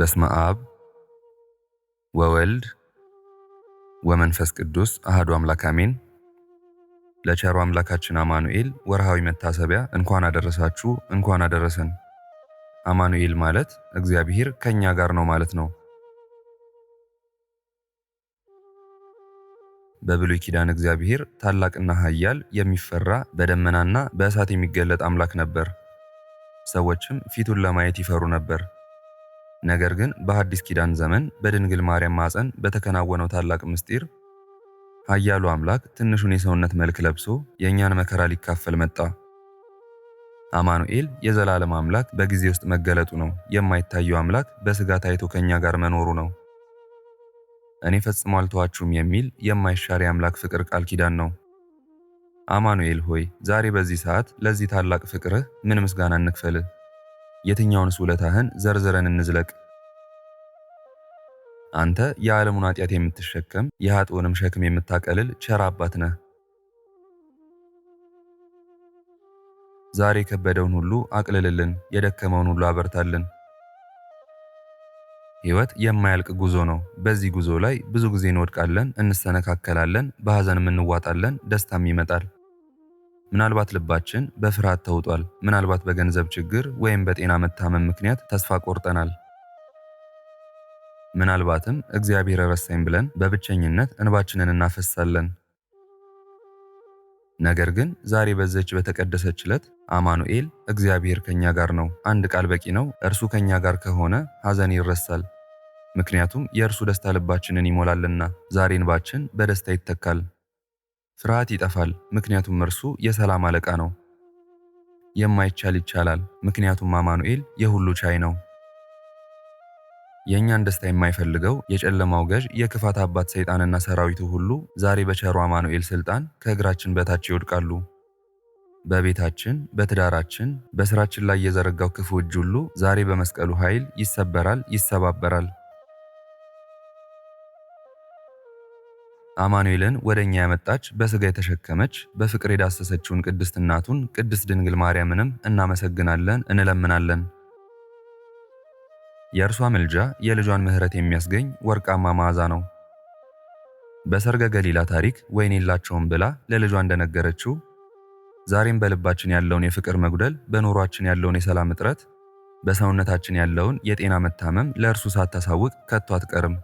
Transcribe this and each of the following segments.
በስመ አብ ወወልድ ወመንፈስ ቅዱስ አህዱ አምላክ አሜን። ለቸሩ አምላካችን አማኑኤል ወርሃዊ መታሰቢያ እንኳን አደረሳችሁ፣ እንኳን አደረሰን። አማኑኤል ማለት እግዚአብሔር ከኛ ጋር ነው ማለት ነው። በብሉይ ኪዳን እግዚአብሔር ታላቅና ኃያል የሚፈራ በደመናና በእሳት የሚገለጥ አምላክ ነበር። ሰዎችም ፊቱን ለማየት ይፈሩ ነበር። ነገር ግን በሐዲስ ኪዳን ዘመን በድንግል ማርያም ማፀን በተከናወነው ታላቅ ምስጢር ኃያሉ አምላክ ትንሹን የሰውነት መልክ ለብሶ የእኛን መከራ ሊካፈል መጣ። አማኑኤል የዘላለም አምላክ በጊዜ ውስጥ መገለጡ ነው። የማይታየው አምላክ በስጋ ታይቶ ከእኛ ጋር መኖሩ ነው። እኔ ፈጽሞ አልተዋችሁም የሚል የማይሻር የአምላክ ፍቅር ቃል ኪዳን ነው። አማኑኤል ሆይ ዛሬ በዚህ ሰዓት ለዚህ ታላቅ ፍቅርህ ምን ምስጋና እንክፈልህ? የትኛውንስ ውለታህን ዘርዝረን እንዝለቅ። አንተ የዓለሙን ኃጢአት የምትሸከም የኃጥኡንም ሸክም የምታቀልል ቸር አባት ነህ። ዛሬ የከበደውን ሁሉ አቅልልልን፣ የደከመውን ሁሉ አበርታልን። ሕይወት የማያልቅ ጉዞ ነው። በዚህ ጉዞ ላይ ብዙ ጊዜ እንወድቃለን፣ እንሰነካከላለን፣ በሐዘንም እንዋጣለን፣ ደስታም ይመጣል። ምናልባት ልባችን በፍርሃት ተውጧል። ምናልባት በገንዘብ ችግር ወይም በጤና መታመም ምክንያት ተስፋ ቆርጠናል። ምናልባትም እግዚአብሔር ረሳኝ ብለን በብቸኝነት እንባችንን እናፈሳለን። ነገር ግን ዛሬ በዘች በተቀደሰች ዕለት አማኑኤል እግዚአብሔር ከኛ ጋር ነው፣ አንድ ቃል በቂ ነው። እርሱ ከኛ ጋር ከሆነ ሐዘን ይረሳል፣ ምክንያቱም የእርሱ ደስታ ልባችንን ይሞላልና። ዛሬ እንባችን በደስታ ይተካል። ስርዓት ይጠፋል፣ ምክንያቱም እርሱ የሰላም አለቃ ነው። የማይቻል ይቻላል፣ ምክንያቱም አማኑኤል የሁሉ ቻይ ነው። የእኛን ደስታ የማይፈልገው የጨለማው ገዥ የክፋት አባት ሰይጣንና ሰራዊቱ ሁሉ ዛሬ በቸሩ አማኑኤል ስልጣን ከእግራችን በታች ይወድቃሉ። በቤታችን፣ በትዳራችን፣ በስራችን ላይ የዘረጋው ክፉ እጅ ሁሉ ዛሬ በመስቀሉ ኃይል ይሰበራል፣ ይሰባበራል። አማኑኤልን ወደ እኛ ያመጣች በሥጋ የተሸከመች በፍቅር የዳሰሰችውን ቅድስት እናቱን ቅድስት ድንግል ማርያምንም እናመሰግናለን እንለምናለን። የእርሷ ምልጃ የልጇን ምሕረት የሚያስገኝ ወርቃማ መዓዛ ነው። በሰርገ ገሊላ ታሪክ ወይን የላቸውም ብላ ለልጇ እንደነገረችው ዛሬም በልባችን ያለውን የፍቅር መጉደል፣ በኑሯችን ያለውን የሰላም እጥረት፣ በሰውነታችን ያለውን የጤና መታመም ለእርሱ ሳታሳውቅ ከቶ አትቀርም።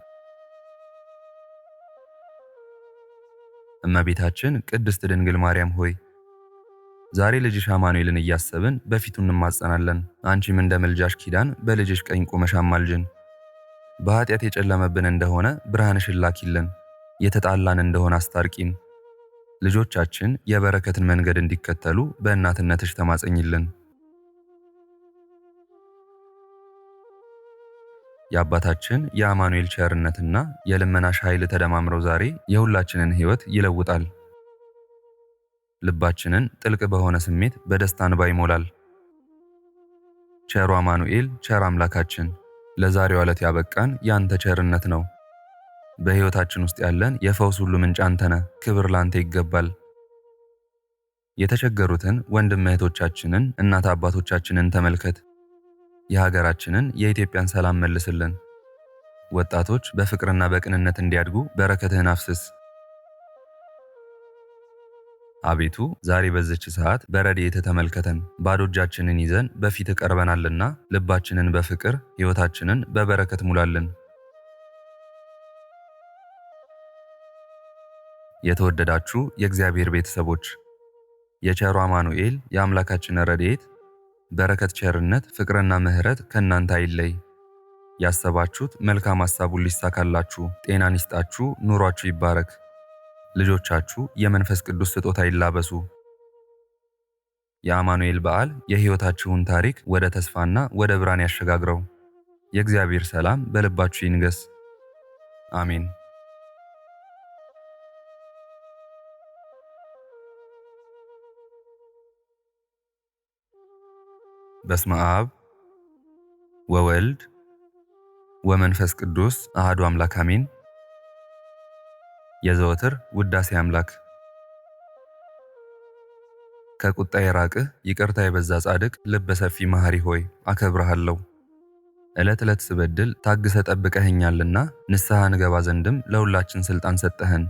እመቤታችን ቅድስት ድንግል ማርያም ሆይ ዛሬ ልጅሽ አማኑኤልን እያሰብን በፊቱ እንማጸናለን። አንቺም እንደ ምልጃሽ ኪዳን በልጅሽ ቀኝ ቁመሽ አማልጅን። በኃጢአት የጨለመብን እንደሆነ ብርሃንሽን ላኪልን። የተጣላን እንደሆነ አስታርቂን። ልጆቻችን የበረከትን መንገድ እንዲከተሉ በእናትነትሽ ተማጸኝልን። የአባታችን የአማኑኤል ቸርነትና የልመናሽ ኃይል ተደማምረው ዛሬ የሁላችንን ሕይወት ይለውጣል። ልባችንን ጥልቅ በሆነ ስሜት በደስታ እንባ ይሞላል። ቸሩ አማኑኤል፣ ቸር አምላካችን ለዛሬው ዕለት ያበቃን የአንተ ቸርነት ነው። በሕይወታችን ውስጥ ያለን የፈውስ ሁሉ ምንጭ አንተነ። ክብር ላአንተ ይገባል። የተቸገሩትን ወንድም እህቶቻችንን፣ እናት አባቶቻችንን ተመልከት። የሀገራችንን የኢትዮጵያን ሰላም መልስልን። ወጣቶች በፍቅርና በቅንነት እንዲያድጉ በረከትህን አፍስስ። አቤቱ ዛሬ በዝች ሰዓት በረድኤት ተመልከተን። ባዶ እጃችንን ይዘን በፊት ቀርበናልና ልባችንን በፍቅር ሕይወታችንን በበረከት ሙላልን። የተወደዳችሁ የእግዚአብሔር ቤተሰቦች የቸሩ አማኑኤል የአምላካችን ረድኤት በረከት፣ ቸርነት፣ ፍቅርና ምሕረት ከእናንተ አይለይ። ያሰባችሁት መልካም ሐሳቡን ሊሳካላችሁ፣ ጤናን ይስጣችሁ፣ ኑሯችሁ ይባረክ። ልጆቻችሁ የመንፈስ ቅዱስ ስጦታ ይላበሱ። የአማኑኤል በዓል የሕይወታችሁን ታሪክ ወደ ተስፋና ወደ ብርሃን ያሸጋግረው። የእግዚአብሔር ሰላም በልባችሁ ይንገስ። አሜን። በስመ አብ ወወልድ ወመንፈስ ቅዱስ አህዱ አምላክ አሜን። የዘወትር ውዳሴ አምላክ ከቁጣ የራቅህ ይቅርታ የበዛ ጻድቅ ልበ ሰፊ መሐሪ ሆይ አከብረሃለሁ። ዕለት ዕለት ስበድል ታግሰ ጠብቀኸኛልና ንስሐ ንገባ ዘንድም ለሁላችን ሥልጣን ሰጠህን።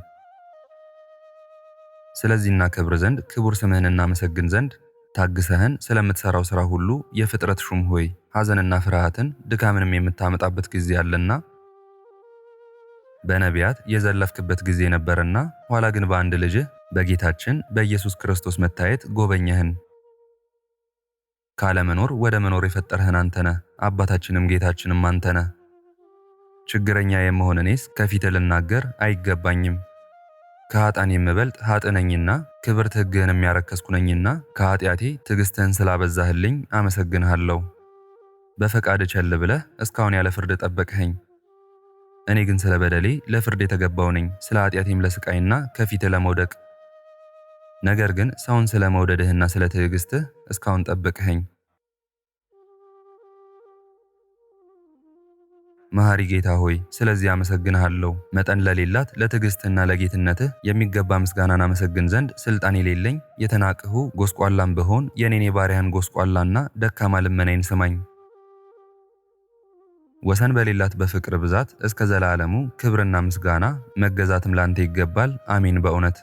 ስለዚህና ክብር ዘንድ ክቡር ስምህን እናመሰግን ዘንድ ታግሰህን ስለምትሰራው ስራ ሁሉ የፍጥረት ሹም ሆይ ሐዘንና ፍርሃትን ድካምንም የምታመጣበት ጊዜ አለና በነቢያት የዘለፍክበት ጊዜ ነበርና፣ ኋላ ግን በአንድ ልጅህ በጌታችን በኢየሱስ ክርስቶስ መታየት ጎበኘህን። ካለመኖር ወደ መኖር የፈጠርህን አንተነ አባታችንም ጌታችንም አንተነ ችግረኛ የመሆን እኔስ ከፊት ልናገር አይገባኝም። ከሀጣን የምበልጥ ኃጥ ነኝና ክብርት ሕግህን የሚያረከስኩ ነኝና ከኃጢአቴ ትዕግሥትህን ስላበዛህልኝ አመሰግንሃለሁ። በፈቃድ ቸል ብለህ እስካሁን ያለ ፍርድ ጠበቅኸኝ። እኔ ግን ስለ በደሌ ለፍርድ የተገባው ነኝ፣ ስለ ኃጢአቴም ለስቃይና ከፊት ለመውደቅ። ነገር ግን ሰውን ስለ መውደድህና ስለ ትዕግሥትህ እስካሁን ጠበቅኸኝ። መሐሪ ጌታ ሆይ ስለዚህ አመሰግንሃለሁ። መጠን ለሌላት ለትዕግስትና ለጌትነትህ የሚገባ ምስጋናን አመሰግን ዘንድ ስልጣን የሌለኝ የተናቅሁ ጎስቋላም ብሆን የኔን የባሪያን ጎስቋላና ደካማ ልመናይን ስማኝ። ወሰን በሌላት በፍቅር ብዛት እስከ ዘላለሙ ክብርና ምስጋና መገዛትም ላንተ ይገባል። አሜን። በእውነት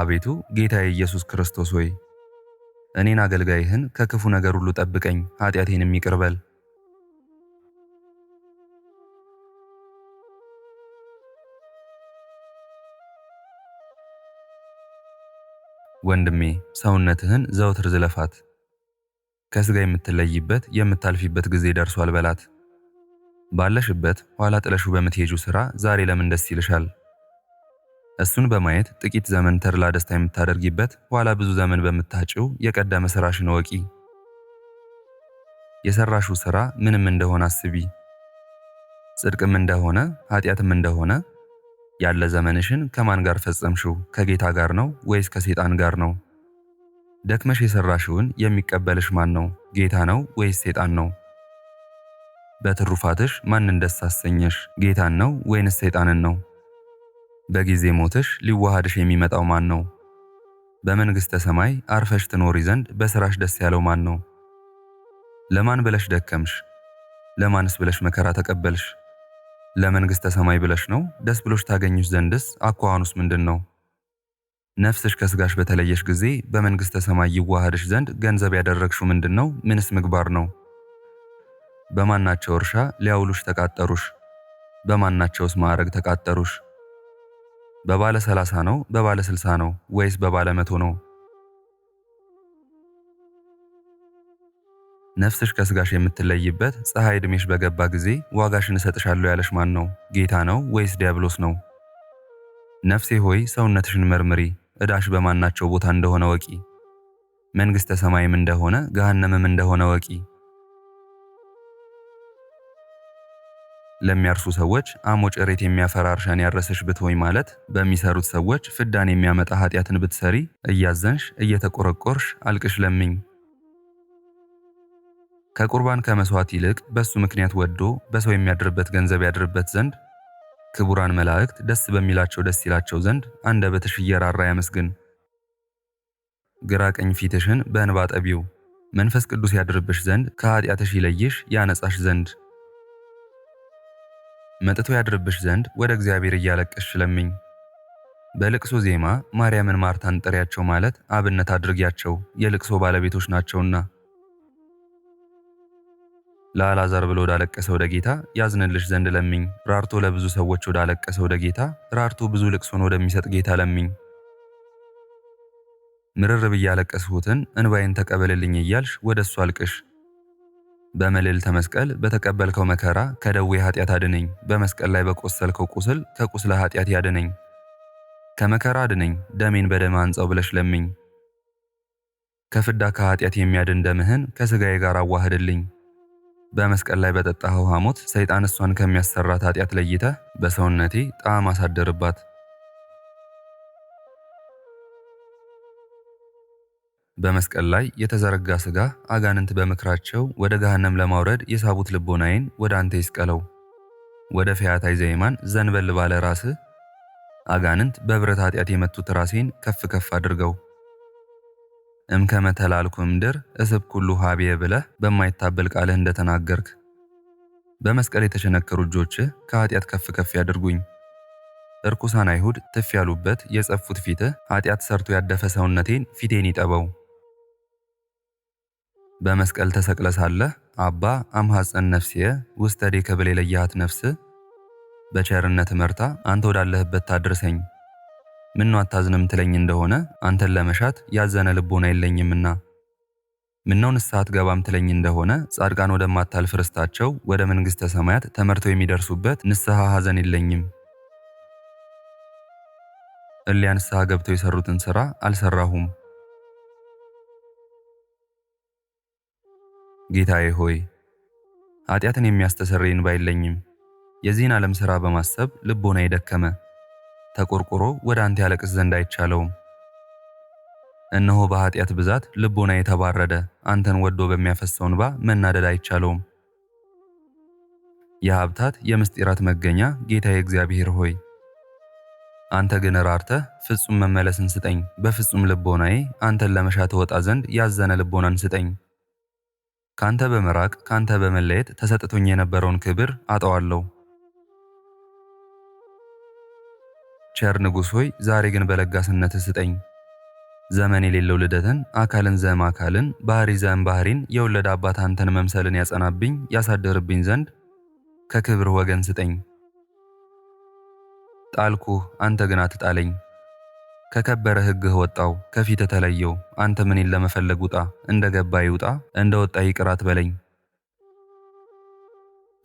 አቤቱ ጌታዬ ኢየሱስ ክርስቶስ ሆይ እኔን አገልጋይህን ከክፉ ነገር ሁሉ ጠብቀኝ፣ ኃጢአቴንም ይቅርበል። ወንድሜ ሰውነትህን ዘውትር ዝለፋት። ከስጋ የምትለይበት የምታልፊበት ጊዜ ደርሷል በላት። ባለሽበት ኋላ ጥለሹ በምትሄጁ ሥራ ዛሬ ለምን ደስ ይልሻል? እሱን በማየት ጥቂት ዘመን ተድላ ደስታ የምታደርጊበት ኋላ ብዙ ዘመን በምታጭው የቀደመ ሥራሽን ወቂ። የሰራሹ ሥራ ምንም እንደሆነ አስቢ፣ ጽድቅም እንደሆነ ኃጢአትም እንደሆነ ያለ ዘመንሽን ከማን ጋር ፈጸምሽው? ከጌታ ጋር ነው ወይስ ከሰይጣን ጋር ነው? ደክመሽ የሰራሽውን የሚቀበልሽ ማን ነው? ጌታ ነው ወይስ ሰይጣን ነው? በትሩፋትሽ ማንን ደስ አሰኘሽ? ጌታን ነው ወይንስ ሰይጣንን ነው? በጊዜ ሞትሽ ሊዋሃድሽ የሚመጣው ማን ነው? በመንግሥተ ሰማይ አርፈሽ ትኖሪ ዘንድ በሥራሽ ደስ ያለው ማን ነው? ለማን ብለሽ ደከምሽ? ለማንስ ብለሽ መከራ ተቀበልሽ? ለመንግሥተ ሰማይ ብለሽ ነው? ደስ ብሎሽ ታገኙሽ ዘንድስ አኳኋኑስ ምንድን ነው? ነፍስሽ ከስጋሽ በተለየሽ ጊዜ በመንግሥተ ሰማይ ይዋሃድሽ ዘንድ ገንዘብ ያደረግሽው ምንድን ነው? ምንስ ምግባር ነው? በማናቸው እርሻ ሊያውሉሽ ተቃጠሩሽ? በማናቸውስ ማዕረግ ተቃጠሩሽ? በባለ ሰላሳ ነው? በባለ ስልሳ ነው? ወይስ በባለ መቶ ነው? ነፍስሽ ከስጋሽ የምትለይበት ፀሐይ ዕድሜሽ በገባ ጊዜ ዋጋሽን እሰጥሻለሁ ያለሽ ማን ነው? ጌታ ነው ወይስ ዲያብሎስ ነው? ነፍሴ ሆይ ሰውነትሽን መርምሪ፣ ዕዳሽ በማናቸው ቦታ እንደሆነ ወቂ። መንግሥተ ሰማይም እንደሆነ ገሃነምም እንደሆነ ወቂ። ለሚያርሱ ሰዎች አሞጭ እሬት የሚያፈራ እርሻን ያረሰሽ ብትሆኝ ማለት በሚሰሩት ሰዎች ፍዳን የሚያመጣ ኃጢአትን ብትሰሪ እያዘንሽ እየተቆረቆርሽ አልቅሽ ለምኝ ከቁርባን ከመስዋዕት ይልቅ በእሱ ምክንያት ወዶ በሰው የሚያድርበት ገንዘብ ያድርበት ዘንድ ክቡራን መላእክት ደስ በሚላቸው ደስ ይላቸው ዘንድ አንደበትሽ እየራራ ያመስግን። ግራ ቀኝ ፊትሽን በእንባ ጠቢው መንፈስ ቅዱስ ያድርብሽ ዘንድ ከኃጢአትሽ ይለይሽ ያነጻሽ ዘንድ መጥቶ ያድርብሽ ዘንድ ወደ እግዚአብሔር እያለቅሽ ለምኝ በልቅሶ ዜማ ማርያምን ማርታን ጥሪያቸው ማለት አብነት አድርጊያቸው የልቅሶ ባለቤቶች ናቸውና። ለአልዓዛር ብሎ ወዳለቀሰ ወደ ጌታ ያዝንልሽ ዘንድ ለምኝ። ራርቶ ለብዙ ሰዎች ወዳለቀሰ ወደ ጌታ ራርቶ ብዙ ልቅሶን ወደሚሰጥ ጌታ ለምኝ። ምርር ብዬ ያለቀስሁትን እንባዬን ተቀበልልኝ እያልሽ ወደ እሱ አልቅሽ። በመልዕልተ መስቀል በተቀበልከው መከራ ከደዌ ኃጢአት አድነኝ። በመስቀል ላይ በቆሰልከው ቁስል ከቁስለ ኃጢአት ያድነኝ። ከመከራ አድነኝ፣ ደሜን በደም አንጸው ብለሽ ለምኝ። ከፍዳ ከኃጢአት የሚያድን ደምህን ከሥጋዬ ጋር አዋህድልኝ። በመስቀል ላይ በጠጣኸው ሐሞት ሰይጣን እሷን ከሚያሰራት ኃጢአት ለይተ በሰውነቴ ጣዕም አሳደርባት። በመስቀል ላይ የተዘረጋ ሥጋ አጋንንት በምክራቸው ወደ ገሃነም ለማውረድ የሳቡት ልቦናዬን ወደ አንተ ይስቀለው። ወደ ፈያታይ ዘይማን ዘንበል ባለ ራስህ አጋንንት በብረት ኃጢአት የመቱት ራሴን ከፍ ከፍ አድርገው። እምከመ ተላልኩ እስብ ኩሉ ሀቤ ብለህ በማይታበል ቃልህ እንደተናገርክ በመስቀል የተሸነከሩ እጆች ከኃጢአት ከፍ ከፍ ያድርጉኝ። እርኩሳን አይሁድ ትፍ ያሉበት የጸፉት ፊትህ ኃጢአት ሰርቶ ያደፈ ሰውነቴን ፊቴን ይጠበው። በመስቀል ተሰቅለ ሳለህ አባ አምሐፀን ነፍስየ ውስተ ዴከ ብሌለያሃት ነፍስ በቸርነት መርታ አንተ ወዳለህበት ታድርሰኝ ምነው አታዝንም ትለኝ እንደሆነ አንተን ለመሻት ያዘነ ልቦና የለኝምና፣ ምነው ንስሐ አትገባም ትለኝ እንደሆነ ጻድቃን ወደማታልፍ ርስታቸው ወደ መንግሥተ ሰማያት ተመርተው የሚደርሱበት ንስሐ ሐዘን የለኝም። እሊያ ንስሐ ገብተው የሰሩትን ሥራ አልሰራሁም ጌታዬ ሆይ ኃጢአትን የሚያስተሰርይን ባይለኝም የዚህን ዓለም ሥራ በማሰብ ልቦና የደከመ ተቆርቆሮ ወደ አንተ ያለቅስ ዘንድ አይቻለውም። እነሆ በኃጢአት ብዛት ልቦና የተባረደ አንተን ወዶ በሚያፈሰው እንባ መናደድ አይቻለውም። የሀብታት የምስጢራት መገኛ ጌታ የእግዚአብሔር ሆይ አንተ ግን ራርተህ ፍጹም መመለስን ስጠኝ። በፍጹም ልቦናዬ አንተን ለመሻት ወጣ ዘንድ ያዘነ ልቦናን ስጠኝ። ካንተ በመራቅ ካንተ በመለየት ተሰጥቶኝ የነበረውን ክብር አጠዋለሁ። ቸር ንጉሥ ሆይ ዛሬ ግን በለጋስነት ስጠኝ። ዘመን የሌለው ልደትን፣ አካልን ዘም አካልን፣ ባህሪ ዘም ባህሪን የወለደ አባት አንተን መምሰልን ያጸናብኝ ያሳደርብኝ ዘንድ ከክብር ወገን ስጠኝ። ጣልኩህ፣ አንተ ግን አትጣለኝ። ከከበረ ሕግህ ወጣው ከፊት ተለየው። አንተ ምኔን ለመፈለግ ውጣ፣ እንደ ገባ ይውጣ፣ እንደ ወጣ ይቅራት በለኝ።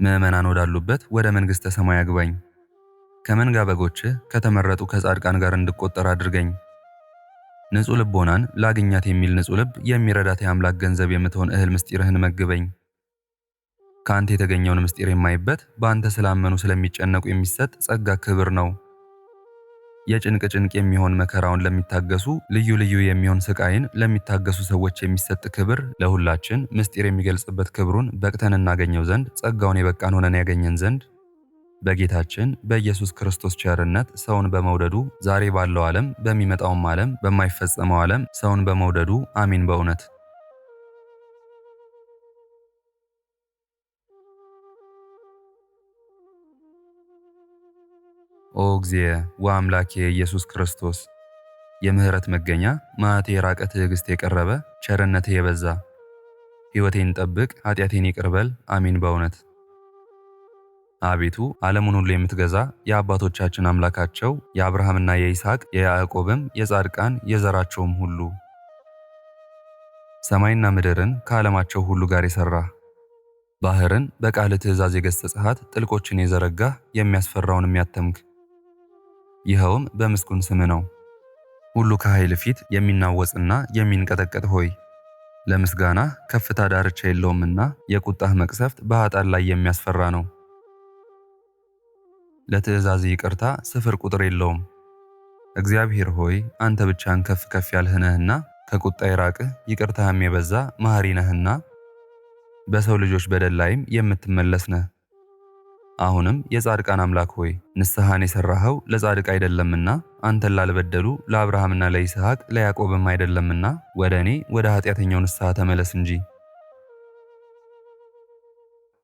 ምዕመናን ወዳሉበት ወደ መንግሥተ ሰማይ አግባኝ። ከመንጋ በጎችህ ከተመረጡ ከጻድቃን ጋር እንድቆጠር አድርገኝ። ንጹህ ልቦናን ላግኛት የሚል ንጹህ ልብ የሚረዳት የአምላክ ገንዘብ የምትሆን እህል ምስጢርህን መግበኝ። ከአንተ የተገኘውን ምስጢር የማይበት በአንተ ስላመኑ ስለሚጨነቁ የሚሰጥ ጸጋ ክብር ነው። የጭንቅ ጭንቅ የሚሆን መከራውን ለሚታገሱ ልዩ ልዩ የሚሆን ስቃይን ለሚታገሱ ሰዎች የሚሰጥ ክብር ለሁላችን ምስጢር የሚገልጽበት ክብሩን በቅተን እናገኘው ዘንድ ጸጋውን የበቃን ሆነን ያገኘን ዘንድ በጌታችን በኢየሱስ ክርስቶስ ቸርነት ሰውን በመውደዱ ዛሬ ባለው ዓለም በሚመጣውም ዓለም በማይፈጸመው ዓለም ሰውን በመውደዱ አሚን። በእውነት ኦ እግዚእ ወአምላኬ ኢየሱስ ክርስቶስ የምህረት መገኛ ማዕቴ የራቀ ትዕግሥት የቀረበ ቸርነት የበዛ ሕይወቴን ጠብቅ ኃጢአቴን ይቅርበል አሚን። በእውነት አቤቱ ዓለሙን ሁሉ የምትገዛ የአባቶቻችን አምላካቸው የአብርሃምና የይስሐቅ የያዕቆብም የጻድቃን የዘራቸውም ሁሉ ሰማይና ምድርን ከዓለማቸው ሁሉ ጋር የሠራ ባሕርን በቃል ትእዛዝ የገሠጽሃት ጥልቆችን የዘረጋህ የሚያስፈራውን የሚያተምክ ይኸውም በምስጉን ስም ነው። ሁሉ ከኃይል ፊት የሚናወጽና የሚንቀጠቀጥ ሆይ ለምስጋና ከፍታ ዳርቻ የለውምና የቁጣህ መቅሰፍት በኃጣን ላይ የሚያስፈራ ነው። ለትእዛዝ ይቅርታ ስፍር ቁጥር የለውም። እግዚአብሔር ሆይ አንተ ብቻን ከፍ ከፍ ያልህ ነህና ከቁጣ የራቅህ ይቅርታ የበዛ መሐሪ ነህና በሰው ልጆች በደል ላይም የምትመለስ ነህ። አሁንም የጻድቃን አምላክ ሆይ ንስሐን የሠራኸው ለጻድቅ አይደለምና አንተን ላልበደሉ ለአብርሃምና ለይስሐቅ ለያዕቆብም አይደለምና ወደ እኔ ወደ ኃጢአተኛው ንስሐ ተመለስ እንጂ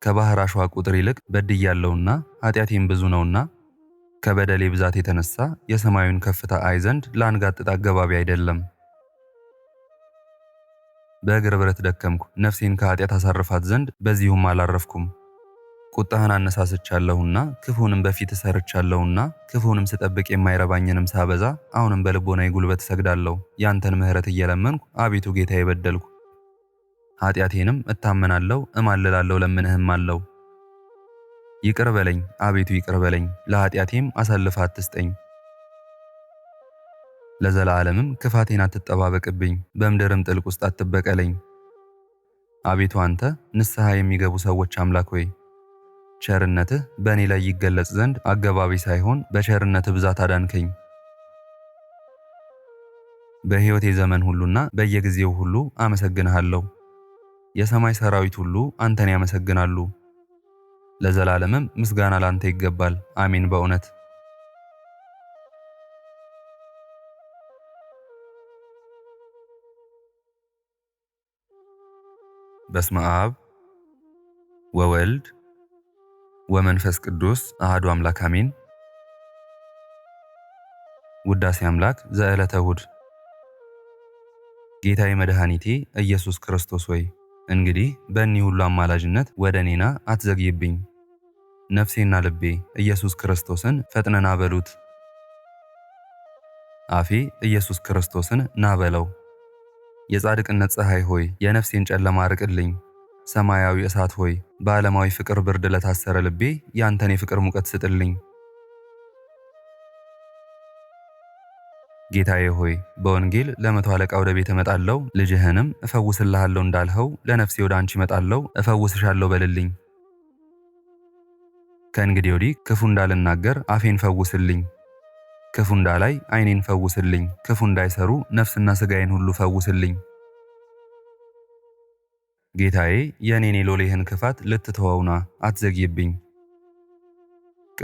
ከባህር አሸዋ ቁጥር ይልቅ ያለውና ኃጢአቴም ብዙ ነውና ከበደሌ ብዛት የተነሳ የሰማዩን ከፍታ አይ ዘንድ ላንጋጥጥ አገባቢ አይደለም። በእግር ብረት ደከምኩ፣ ነፍሴን ከኃጢአት አሳርፋት ዘንድ በዚሁም አላረፍኩም። ቁጣህን አነሳስቻለሁና ክፉንም በፊት እሰርቻለሁና ክፉንም ስጠብቅ የማይረባኝንም ሳበዛ አሁንም በልቦናዊ ጉልበት እሰግዳለሁ። ያንተን ምሕረት እየለመንኩ አቤቱ ጌታ የበደልኩ ኃጢአቴንም እታመናለሁ እማልላለሁ ለምንህም አለው። ይቅር በለኝ አቤቱ ይቅር በለኝ፣ ለኃጢአቴም አሳልፈ አትስጠኝ። ለዘላለምም ክፋቴን አትጠባበቅብኝ፣ በምድርም ጥልቅ ውስጥ አትበቀለኝ። አቤቱ አንተ ንስሐ የሚገቡ ሰዎች አምላክ ሆይ ቸርነትህ በእኔ ላይ ይገለጽ ዘንድ አገባቢ ሳይሆን በቸርነትህ ብዛት አዳንከኝ። በሕይወቴ ዘመን ሁሉና በየጊዜው ሁሉ አመሰግንሃለሁ። የሰማይ ሰራዊት ሁሉ አንተን ያመሰግናሉ። ለዘላለምም ምስጋና ላንተ ይገባል። አሜን በእውነት በስመ አብ ወወልድ ወመንፈስ ቅዱስ አህዱ አምላክ አሜን። ውዳሴ አምላክ ዘዕለተ እሁድ ጌታዬ መድኃኒቴ ኢየሱስ ክርስቶስ ሆይ እንግዲህ በእኒህ ሁሉ አማላጅነት ወደ እኔና አትዘግይብኝ። ነፍሴና ልቤ ኢየሱስ ክርስቶስን ፈጥነና በሉት። አፌ ኢየሱስ ክርስቶስን ናበለው። የጻድቅነት ፀሐይ ሆይ የነፍሴን ጨለማ ርቅልኝ። ሰማያዊ እሳት ሆይ በዓለማዊ ፍቅር ብርድ ለታሰረ ልቤ ያንተን የፍቅር ሙቀት ስጥልኝ። ጌታዬ ሆይ በወንጌል ለመቶ አለቃ ወደ ቤት እመጣለሁ፣ ልጅህንም እፈውስልሃለሁ እንዳልኸው ለነፍሴ ወደ አንቺ እመጣለሁ፣ እፈውስሻለሁ በልልኝ። ከእንግዲህ ወዲህ ክፉ እንዳልናገር አፌን ፈውስልኝ፣ ክፉ እንዳላይ ዓይኔን ፈውስልኝ፣ ክፉ እንዳይሰሩ ነፍስና ሥጋዬን ሁሉ ፈውስልኝ። ጌታዬ የእኔን የሎሌህን ክፋት ልትተወውና አትዘግይብኝ።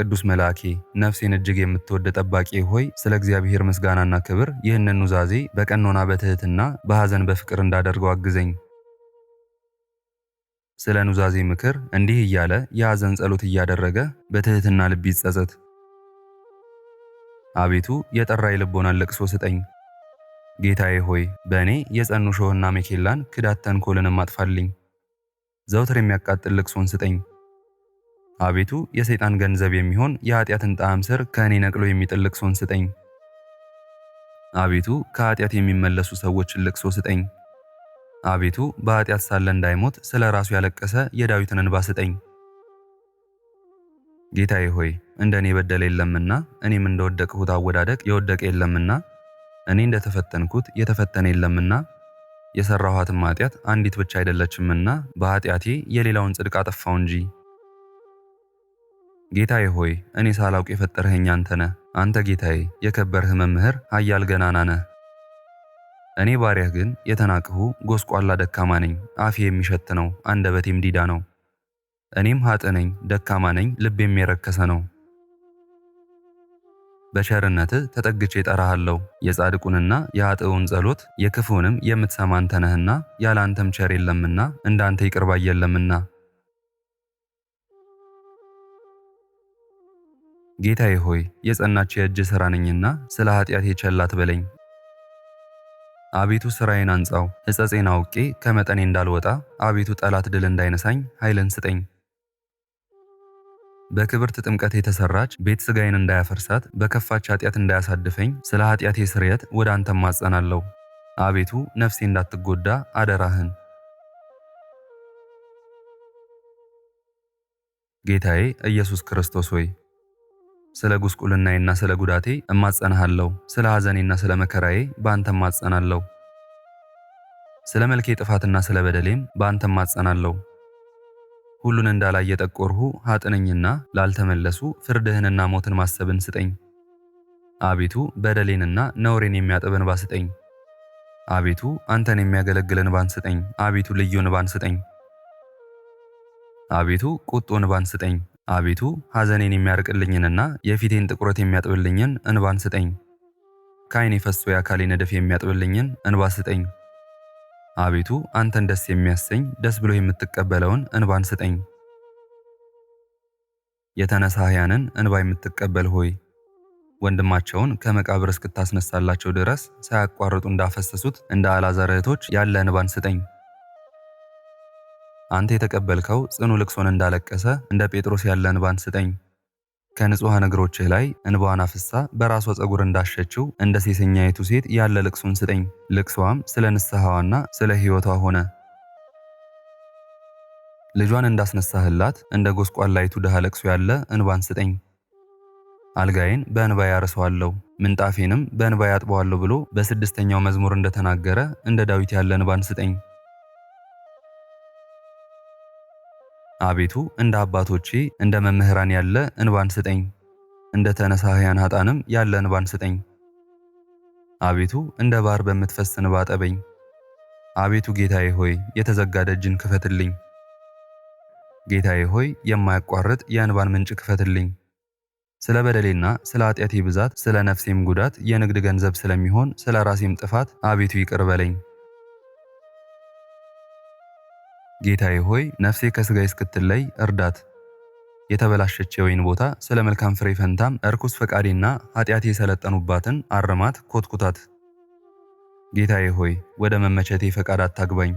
ቅዱስ መልአኬ ነፍሴን እጅግ የምትወደ ጠባቂ ሆይ ስለ እግዚአብሔር ምስጋናና ክብር ይህንን ኑዛዜ በቀኖና በትህትና በሐዘን በፍቅር እንዳደርገው አግዘኝ። ስለ ኑዛዜ ምክር እንዲህ እያለ የሐዘን ጸሎት እያደረገ በትህትና ልብ ይጸጸት። አቤቱ የጠራ የልቦናን ለቅሶ ስጠኝ። ጌታዬ ሆይ በእኔ የጸኑ ሾህና ሜኬላን ክዳት ተንኮልንም አጥፋልኝ። ዘውትር የሚያቃጥል ልቅሶን ስጠኝ። አቤቱ የሰይጣን ገንዘብ የሚሆን የኃጢአትን ጣዕም ስር ከእኔ ነቅሎ የሚጥል ልቅሶን ስጠኝ። አቤቱ ከኃጢአት የሚመለሱ ሰዎችን ልቅሶ ስጠኝ። አቤቱ በኃጢአት ሳለ እንዳይሞት ስለ ራሱ ያለቀሰ የዳዊትን እንባ ስጠኝ። ጌታዬ ሆይ እንደ እኔ በደለ የለምና እኔም እንደወደቅሁት አወዳደቅ የወደቀ የለምና እኔ እንደተፈተንኩት የተፈተነ የለምና የሠራኋትም ኃጢአት አንዲት ብቻ አይደለችምና በኃጢአቴ የሌላውን ጽድቅ አጠፋው እንጂ ጌታዬ ሆይ እኔ ሳላውቅ የፈጠርኸኝ አንተ ነህ። አንተ ጌታዬ የከበርህ መምህር ኃያል ገናና ነህ። እኔ ባሪያህ ግን የተናቅሁ ጎስቋላ ደካማ ነኝ። አፌ የሚሸት ነው፣ አንደበቴም ዲዳ ነው። እኔም ሀጥ ነኝ፣ ደካማ ነኝ፣ ልቤም የረከሰ ነው። በቸርነትህ ተጠግቼ ጠራሃለሁ። የጻድቁንና የአጥውን ጸሎት የክፉንም የምትሰማ አንተ ነህና፣ ያለ አንተም ቸር የለምና እንዳንተ ይቅርባ የለምና ጌታዬ ሆይ የጸናች የእጅ ሥራ ነኝና ስለ ኃጢአቴ ቸላት በለኝ። አቤቱ ሥራዬን አንጻው፣ ሕጸጼን አውቄ ከመጠኔ እንዳልወጣ አቤቱ ጠላት ድል እንዳይነሳኝ ኃይልን ስጠኝ። በክብርት ጥምቀት የተሰራች ቤት ሥጋዬን እንዳያፈርሳት በከፋች ኃጢአት እንዳያሳድፈኝ ስለ ኃጢአቴ ስርየት ወደ አንተ ማጸናለሁ። አቤቱ ነፍሴ እንዳትጎዳ አደራህን። ጌታዬ ኢየሱስ ክርስቶስ ሆይ ስለ ጉስቁልናዬና ስለ ጉዳቴ እማጸናሃለሁ። ስለ ሐዘኔና ስለ መከራዬ በአንተ እማጸናለሁ። ስለ መልኬ ጥፋትና ስለ በደሌም በአንተ እማጸናለሁ። ሁሉን እንዳላይ የጠቆርሁ ኃጥነኝና ላልተመለሱ ፍርድህንና ሞትን ማሰብን ስጠኝ። አቤቱ በደሌንና ነውሬን የሚያጥብ እንባ ስጠኝ። አቤቱ አንተን የሚያገለግል እንባን ስጠኝ። አቤቱ ልዩ እንባን ስጠኝ። አቤቱ ቁጡ እንባን ስጠኝ። አቤቱ ሐዘኔን የሚያርቅልኝንና የፊቴን ጥቁረት የሚያጥብልኝን እንባን ስጠኝ። ከዓይኔ ፈሶ የአካሌ ነደፍ የሚያጥብልኝን እንባ ስጠኝ። አቤቱ አንተን ደስ የሚያሰኝ ደስ ብሎ የምትቀበለውን እንባን ስጠኝ። የተነሳህያንን እንባ የምትቀበል ሆይ ወንድማቸውን ከመቃብር እስክታስነሳላቸው ድረስ ሳያቋርጡ እንዳፈሰሱት እንደ አልዓዛር ያለ እንባን ስጠኝ። አንተ የተቀበልከው ጽኑ ልቅሶን እንዳለቀሰ እንደ ጴጥሮስ ያለ እንባን ስጠኝ። ከንጹሐን እግሮችህ ላይ እንባዋን አፍሳ በራሷ ፀጉር እንዳሸችው እንደ ሴሰኛይቱ ሴት ያለ ልቅሱን ስጠኝ። ልቅሷም ስለ ንስሐዋና ስለ ሕይወቷ ሆነ። ልጇን እንዳስነሳህላት እንደ ጎስቋላይቱ ድሃ ልቅሶ ያለ እንባን ስጠኝ። አልጋዬን በእንባ ያርሰዋለሁ ምንጣፌንም በእንባ ያጥበዋለሁ ብሎ በስድስተኛው መዝሙር እንደተናገረ እንደ ዳዊት ያለ እንባን ስጠኝ። አቤቱ እንደ አባቶቼ እንደ መምህራን ያለ እንባን ስጠኝ፣ እንደ ተነሳህያን ኃጣንም ያለ እንባን ስጠኝ። አቤቱ እንደ ባህር በምትፈስ እንባ ጠበኝ። አቤቱ ጌታዬ ሆይ የተዘጋ ደጅን ክፈትልኝ። ጌታዬ ሆይ የማያቋርጥ የእንባን ምንጭ ክፈትልኝ። ስለ በደሌና ስለ ኃጢአቴ ብዛት ስለ ነፍሴም ጉዳት የንግድ ገንዘብ ስለሚሆን ስለ ራሴም ጥፋት አቤቱ ይቅር በለኝ። ጌታዬ ሆይ ነፍሴ እስክትል እስክትለይ እርዳት። የተበላሸች የወይን ቦታ ስለ መልካም ፍሬ ፈንታም እርኩስ ፈቃዴና ኃጢአቴ የሰለጠኑባትን አርማት ኮትኩታት። ጌታዬ ሆይ ወደ መመቸቴ ፈቃድ አታግባኝ፣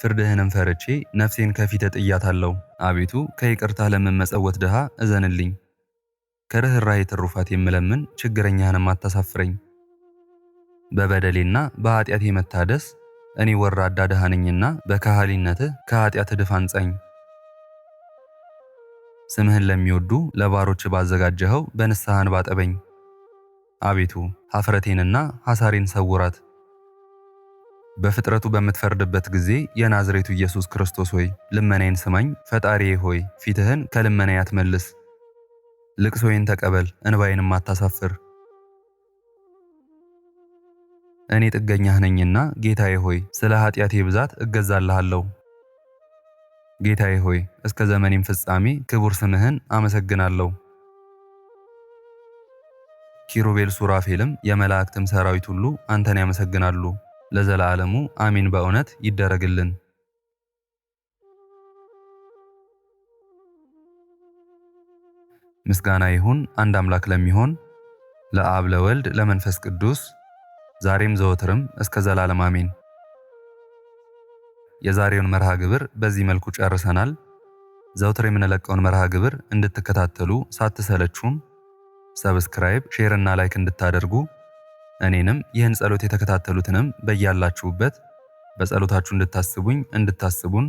ፍርድህንም ፈርቼ ነፍሴን ከፊት ጥያታለሁ። አቤቱ ከይቅርታ ለምመጸወት ድሃ እዘንልኝ፣ ከርኅራኄ ትሩፋት የምለምን ችግረኛህንም አታሳፍረኝ። በበደሌና በኃጢአቴ መታደስ እኔ ወራዳ ድሃ ነኝና በካህሊነትህ ከኃጢአትህ ድፋን አንጻኝ። ስምህን ለሚወዱ ለባሮች ባዘጋጀኸው በንስሐን ባጠበኝ። አቤቱ ሐፍረቴንና ሐሳሬን ሰውራት። በፍጥረቱ በምትፈርድበት ጊዜ የናዝሬቱ ኢየሱስ ክርስቶስ ሆይ ልመናዬን ስማኝ። ፈጣሪዬ ሆይ ፊትህን ከልመናዬ አትመልስ። ልቅሶዬን ተቀበል፣ እንባዬንም አታሳፍር። እኔ ጥገኛህ ነኝና ጌታዬ ሆይ ስለ ኃጢአቴ ብዛት እገዛልሃለሁ። ጌታዬ ሆይ እስከ ዘመኔም ፍጻሜ ክቡር ስምህን አመሰግናለሁ። ኪሩቤል ሱራፌልም የመላእክትም ሰራዊት ሁሉ አንተን ያመሰግናሉ ለዘላለሙ አሚን። በእውነት ይደረግልን። ምስጋና ይሁን አንድ አምላክ ለሚሆን ለአብ ለወልድ ለመንፈስ ቅዱስ ዛሬም ዘወትርም እስከ ዘላለም አሜን። የዛሬውን መርሃ ግብር በዚህ መልኩ ጨርሰናል። ዘውትር የምንለቀውን መርሃ ግብር እንድትከታተሉ ሳትሰለችሁም ሰብስክራይብ፣ ሼር እና ላይክ እንድታደርጉ እኔንም ይህን ጸሎት የተከታተሉትንም በያላችሁበት በጸሎታችሁ እንድታስቡኝ እንድታስቡን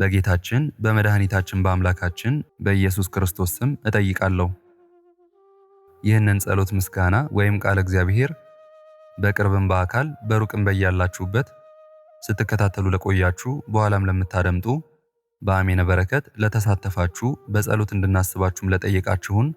በጌታችን በመድኃኒታችን በአምላካችን በኢየሱስ ክርስቶስ ስም እጠይቃለሁ። ይህንን ጸሎት ምስጋና ወይም ቃል እግዚአብሔር በቅርብም በአካል በሩቅም በያላችሁበት ስትከታተሉ ለቆያችሁ በኋላም ለምታደምጡ በአሜነ በረከት ለተሳተፋችሁ በጸሎት እንድናስባችሁም ለጠየቃችሁን